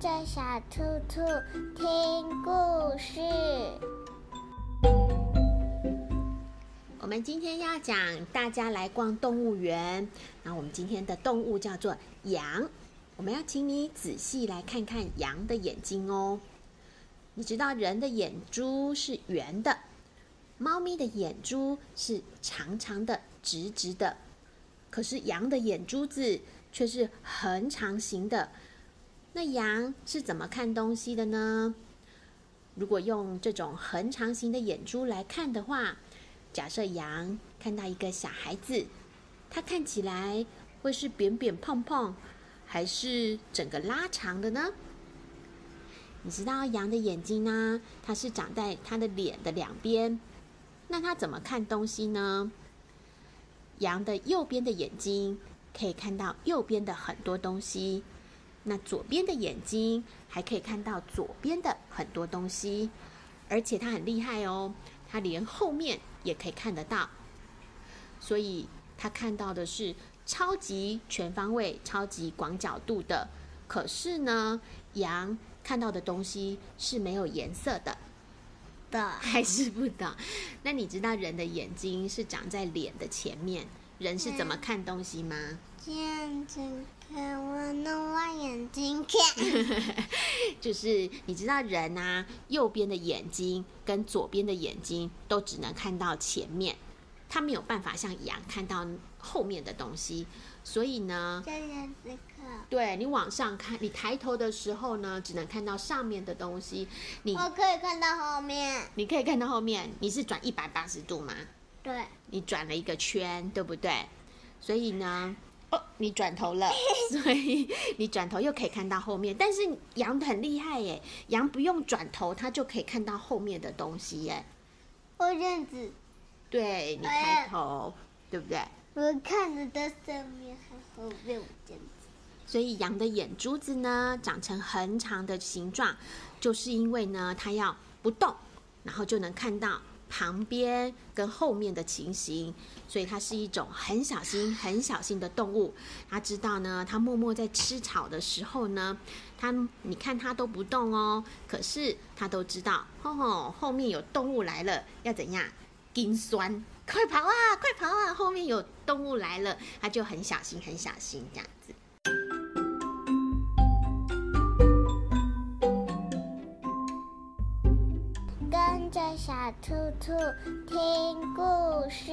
叫小兔兔聽故事。我們今天要講，大家來逛動物園。那我們今天的動物叫做羊。我們要請你仔細來看看羊的眼睛哦。你知道人的眼珠是圓的，貓咪的眼珠是長長的、直直的，可是羊的眼珠子卻是橫長形的。那羊是怎麼看東西的呢？如果用這種橫長型的眼珠來看的話，假設羊看到一個小孩子，它看起來會是扁扁胖胖，還是整個拉長的呢？你知道羊的眼睛呢，它是長在它的臉的兩邊。那它怎麼看東西呢？羊的右邊的眼睛可以看到右邊的很多東西。那左邊的眼睛，還可以看到左邊的很多東西，而且它很厲害哦，它連後面也可以看得到。所以它看到的是超級全方位、超級廣角度的。可是呢，羊看到的東西是沒有顏色的，的對還是不的？那你知道人的眼睛是長在臉的前面？人是怎麼看東西嗎？這樣子看，我弄歪眼睛看。 就是你知道人啊，右邊的眼睛跟左邊的眼睛都只能看到前面，他沒有辦法像羊看到後面的東西。所以呢，這樣子看。對，你往上看，你抬頭的時候呢，只能看到上面的東西。你，我可以看到後面。你可以看到後面，你是轉一百八十度嗎？對你轉了一個圈，對不對？所以呢，哦、你轉頭了， 所以你轉頭又可以看到後面。但是羊很厲害耶，羊不用轉頭，它就可以看到後面的東西耶。我這樣子對你抬頭，也對不對？我看到的上面還好，沒有，這樣子。所以羊的眼珠子呢，長成橫長的形狀，就是因為呢，它要不動，然後就能看到。旁邊跟後面的情形，所以它是一種很小心、很小心的動物。它知道呢，它默默在吃草的時候呢，它你看它都不動哦，可是它都知道，吼、哦、吼，後面有動物來了，要怎樣？緊酸，快跑啊，快跑啊，後面有動物來了，它就很小心、很小心這樣子。小兔兔聽故事。